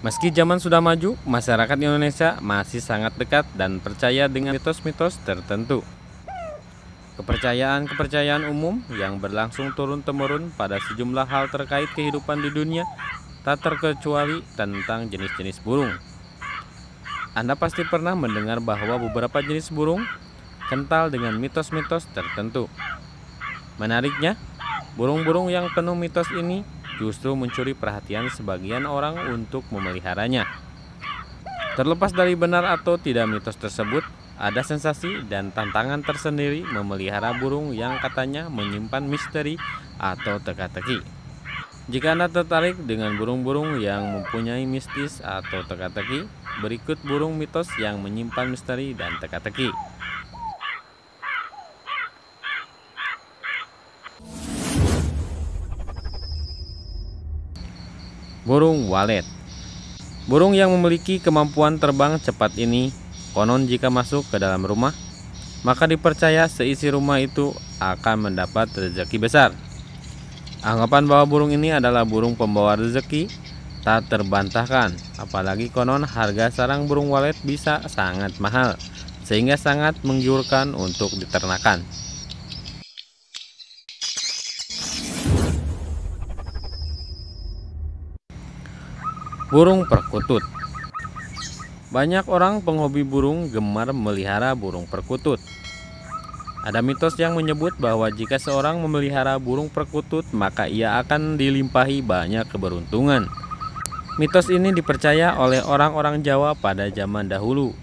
Meski zaman sudah maju, masyarakat Indonesia masih sangat dekat dan percaya dengan mitos-mitos tertentu. Kepercayaan-kepercayaan umum yang berlangsung turun-temurun pada sejumlah hal terkait kehidupan di dunia, tak terkecuali tentang jenis-jenis burung. Anda pasti pernah mendengar bahwa beberapa jenis burung kental dengan mitos-mitos tertentu. Menariknya, burung-burung yang penuh mitos ini justru mencuri perhatian sebagian orang untuk memeliharanya. Terlepas dari benar atau tidak mitos tersebut, ada sensasi dan tantangan tersendiri memelihara burung yang katanya menyimpan misteri atau teka-teki. Jika Anda tertarik dengan burung-burung yang mempunyai mistis atau teka-teki, berikut burung mitos yang menyimpan misteri dan teka-teki. burung walet. Burung yang memiliki kemampuan terbang cepat ini konon jika masuk ke dalam rumah, maka dipercaya seisi rumah itu akan mendapat rezeki besar. Anggapan bahwa burung ini adalah burung pembawa rezeki tak terbantahkan, apalagi konon harga sarang burung walet bisa sangat mahal, sehingga sangat menggiurkan untuk diternakan. Burung perkutut Banyak orang penghobi burung gemar melihara burung perkutut. Ada mitos yang menyebut bahwa jika seorang memelihara burung perkutut, maka ia akan dilimpahi banyak keberuntungan. Mitos ini dipercaya oleh orang-orang Jawa pada zaman dahulu,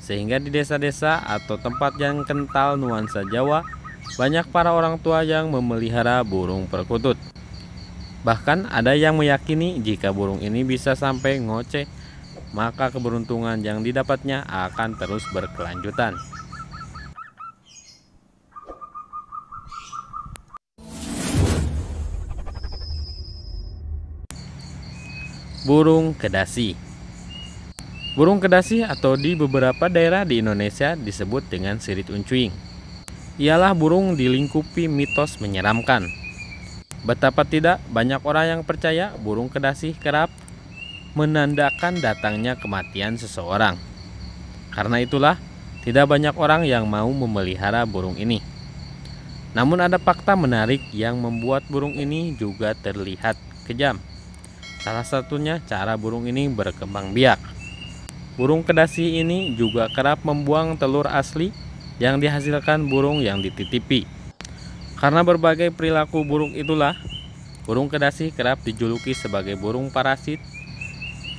sehingga di desa-desa atau tempat yang kental nuansa Jawa, banyak para orang tua yang memelihara burung perkutut. Bahkan ada yang meyakini jika burung ini bisa sampai ngoceh, maka keberuntungan yang didapatnya akan terus berkelanjutan. Burung kedasi Burung kedasi atau di beberapa daerah di Indonesia disebut dengan sirit uncuing. Ialah burung dilingkupi mitos menyeramkan Betapa tidak banyak orang yang percaya burung kedasi kerap menandakan datangnya kematian seseorang. Karena itulah, tidak banyak orang yang mau memelihara burung ini. Namun ada fakta menarik yang membuat burung ini juga terlihat kejam. Salah satunya cara burung ini berkembang biak. Burung kedasi ini juga kerap membuang telur asli yang dihasilkan burung yang dititipi. Karena berbagai perilaku burung itulah, burung kedasi kerap dijuluki sebagai burung parasit.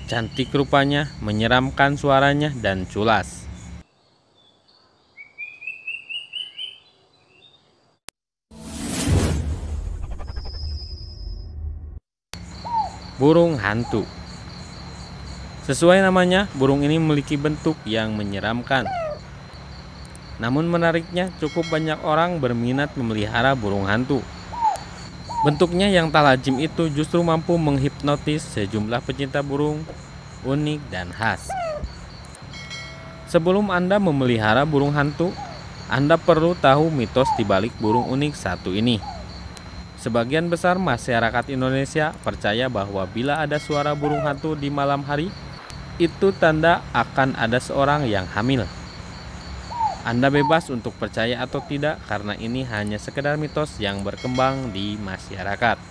Cantik rupanya, menyeramkan suaranya, dan culas. Burung hantu Sesuai namanya, burung ini memiliki bentuk yang menyeramkan namun menariknya cukup banyak orang berminat memelihara burung hantu. Bentuknya yang tak lazim itu justru mampu menghipnotis sejumlah pecinta burung unik dan khas. Sebelum Anda memelihara burung hantu, Anda perlu tahu mitos di balik burung unik satu ini. Sebagian besar masyarakat Indonesia percaya bahwa bila ada suara burung hantu di malam hari, itu tanda akan ada seorang yang hamil. Anda bebas untuk percaya atau tidak karena ini hanya sekedar mitos yang berkembang di masyarakat.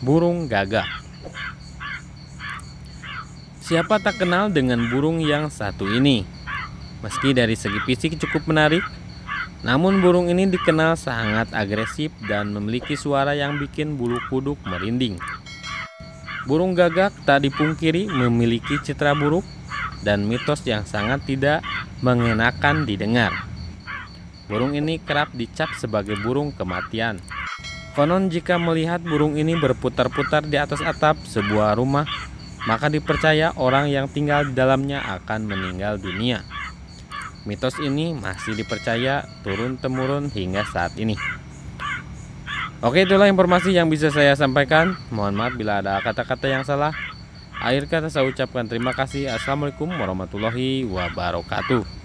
Burung gagak Siapa tak kenal dengan burung yang satu ini? Meski dari segi fisik cukup menarik, namun burung ini dikenal sangat agresif dan memiliki suara yang bikin bulu kuduk merinding. Burung gagak tak dipungkiri memiliki citra buruk dan mitos yang sangat tidak mengenakan didengar. Burung ini kerap dicap sebagai burung kematian. Konon jika melihat burung ini berputar-putar di atas atap sebuah rumah, maka dipercaya orang yang tinggal di dalamnya akan meninggal dunia. Mitos ini masih dipercaya turun-temurun hingga saat ini. Oke itulah informasi yang bisa saya sampaikan Mohon maaf bila ada kata-kata yang salah Akhir kata saya ucapkan terima kasih Assalamualaikum warahmatullahi wabarakatuh